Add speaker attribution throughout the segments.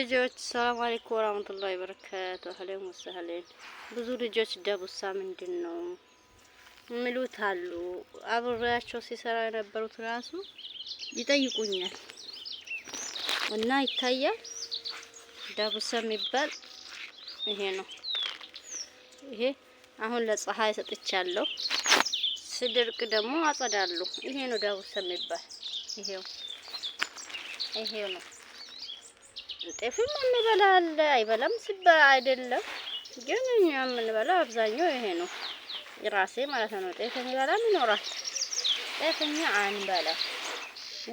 Speaker 1: ልጆች ሰላም አለይኩም ወራህመቱላሂ ወበረካቱ። አህለን ወሰህለን። ብዙ ልጆች ደቡሳ ምንድን ነው ምሉት አሉ። አብሬያቸው ሲሰራ የነበሩት ራሱ ይጠይቁኛል እና ይታያል። ደቡሳ የሚባል ይሄ ነው። ይሄ አሁን ለፀሐይ ሰጥቻለሁ። ስድርቅ ደግሞ አጸዳሉ። ይሄ ነው ደቡሳ የሚባል ይሄው ይሄው ነው ጤፍም የሚበላ አለ አይበላም ሲባል አይደለም፣ ግን እኛ የምንበላው አብዛኛው ይሄ ነው። ራሴ ማለት ነው። ጤፍ የሚበላም ይኖራል። ጤፍ እኛ አንበላ።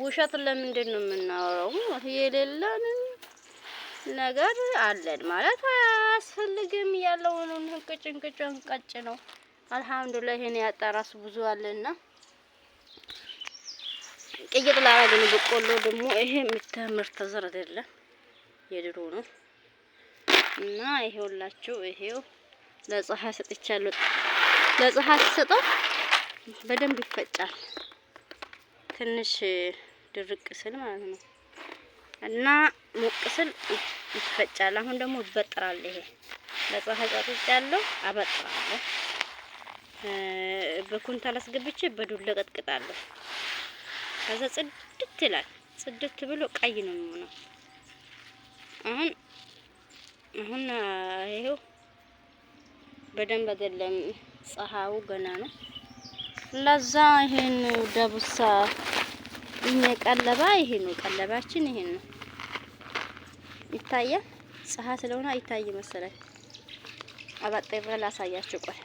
Speaker 1: ውሸት ለምንድን ነው የምናወራው? የሌለንን ነገር አለን ማለት አያስፈልግም። ያለውን ህንቅጭ እንቅጭ እንቀጭ ነው። አልሐምዱሊላህ ይሄን ያጣራሱ ብዙ አለና ቅይጥ ላረግን በቆሎ ደግሞ ይሄ የሚተምር ተዘር አይደለም የድሮ ነው እና ይሄውላችሁ፣ ይሄው ለፀሐይ ሰጥቻለሁ። ለፀሐይ ስሰጠው በደንብ ይፈጫል። ትንሽ ድርቅ ስል ማለት ነው እና ሞቅ ስል ይፈጫል። አሁን ደግሞ ይበጥራል። ይሄ ለፀሐይ ሰጥቻለሁ፣ አበጥራለሁ። በኩንታል አስገብቼ በዱላ ቀጥቅጣለሁ። ከዛ ጽድት ይላል። ጽድት ብሎ ቀይ ነው የሚሆነው። አሁን አሁን ይሄው በደንብ አይደለም፣ ፀሐዩ ገና ነው። ለዛ ይሄን ዳቡሳ እኛ ቀለባ ይሄ ነው ቀለባችን፣ ይሄን ነው ይታያል። ፀሐይ ስለሆነ አይታይ መሰለኝ። አባጤራ ላሳያችሁ፣ ቆይ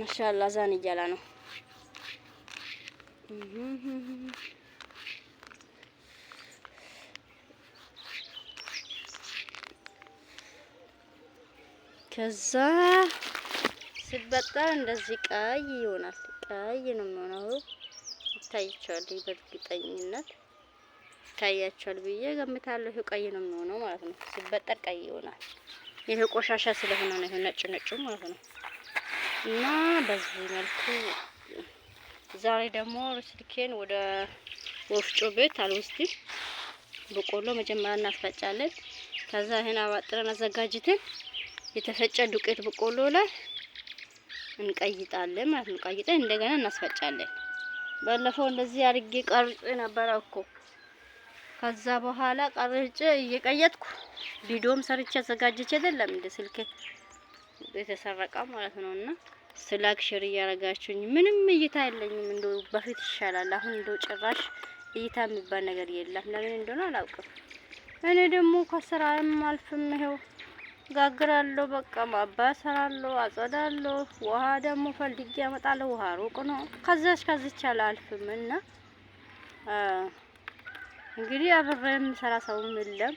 Speaker 1: ማሻአላ ዛን እያላ ነው ከዛ ሲበጠር እንደዚህ ቀይ ይሆናል። ቀይ ነው የሚሆነው። ይታያቸዋል፣ በእርግጠኝነት ይታያቸዋል ብዬ ገምታለሁ። ይሄ ቀይ ነው የሚሆነው ማለት ነው። ሲበጠር ቀይ ይሆናል። ይሄ ቆሻሻ ስለሆነ ነው፣ ይሄ ነጭ ነጩ ማለት ነው። እና በዚህ መልኩ ዛሬ ደግሞ ስልኬን ወደ ወፍጮ ቤት አልወስድም። በቆሎ መጀመሪያ እናስፈጫለን። ከዛ ይህን አባጥረን አዘጋጅተን የተፈጨ ዱቄት በቆሎ ላይ እንቀይጣለን ማለት ነው። ቀይጠን እንደገና እናስፈጫለን። ባለፈው እንደዚህ አድርጌ ቀርጬ ነበረ እኮ። ከዛ በኋላ ቀርጬ እየቀየጥኩ ቪዲዮም ሰርቼ አዘጋጅቼ አይደለም እንደ ስልኬ የተሰረቀ ማለት ነውና ስላክ እያረጋችሁኝ ምንም እይታ የለኝም። እንደ በፊት ይሻላል። አሁን እንደ ጭራሽ እይታ የሚባል ነገር የለም። ለምን እንደሆነ አላውቅም። እኔ ደግሞ ከስራም አልፍም ይሄው ጋግራለሁ፣ በቃ ማባ ሰራለሁ፣ አጸዳለሁ፣ ውሃ ደግሞ ፈልጌ ያመጣለሁ። ውሃ ሩቅ ነው። ከዛች ከዚች አላልፍም እና እንግዲህ አብሬ የምሰራ ሰውም የለም።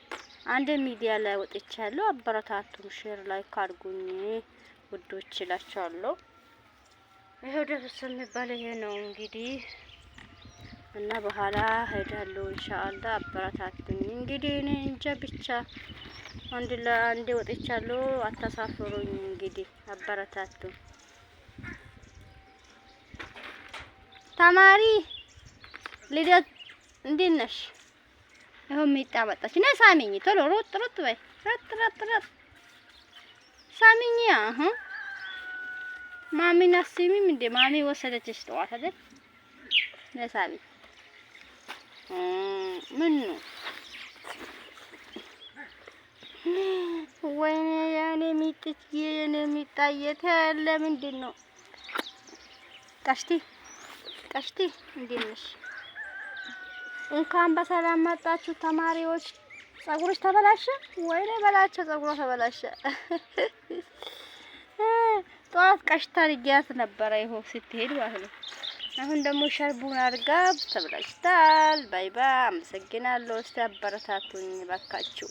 Speaker 1: አንድ ሚዲያ ላይ ወጥቻለሁ። አበረታቱ፣ ሼር ላይ ካድጉኝ ውዶች ይላቸዋለሁ። ይሄው ደብስ የሚባለው ይሄ ነው እንግዲህ እና በኋላ ሄዳለሁ ኢንሻአላ። አበረታቱኝ እንግዲህ እኔ እንጃ ብቻ አንድ ለአንዴ ወጥቻለሁ። አታሳፍሩኝ እንግዲህ አበረታቱ ተማሪ ልደት እንዴት ነሽ? ይኸው ሚጣ መጣች። ነይ ሳሚኝ ቶሎ ሮጥ ሮጥ በይ ሮጥ ሮጥ ሮጥ ሳሚኛ አሁን ማሚና ሲሚም እንደ ማሚ ወሰደችሽ ጠዋት አይደል? ለሳሚ ምን ነው ወይኔ ያኔ ሚጥት የኔ የሚጣየት ያለ ምንድን ነው? ቀሽቲ ቀሽቲ እንዴት ነሽ? እንኳን በሰላም መጣችሁ ተማሪዎች። ፀጉሮች ተበላሸ። ወይኔ በላቸው፣ ፀጉሯ ተበላሸ። ቀሽታ አድርጊያት ነበረ። ይኸው ስትሄድ ማለት ነው። አሁን ደግሞ ሸርቡን አድርጋ ባይ ባይ። አመሰግናለሁ። እስቲ አበረታቱኝ ባካችሁ።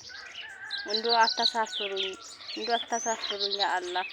Speaker 1: እንዶ አታሳፍሩኝ፣ እንዶ አታሳፍሩኝ አላህ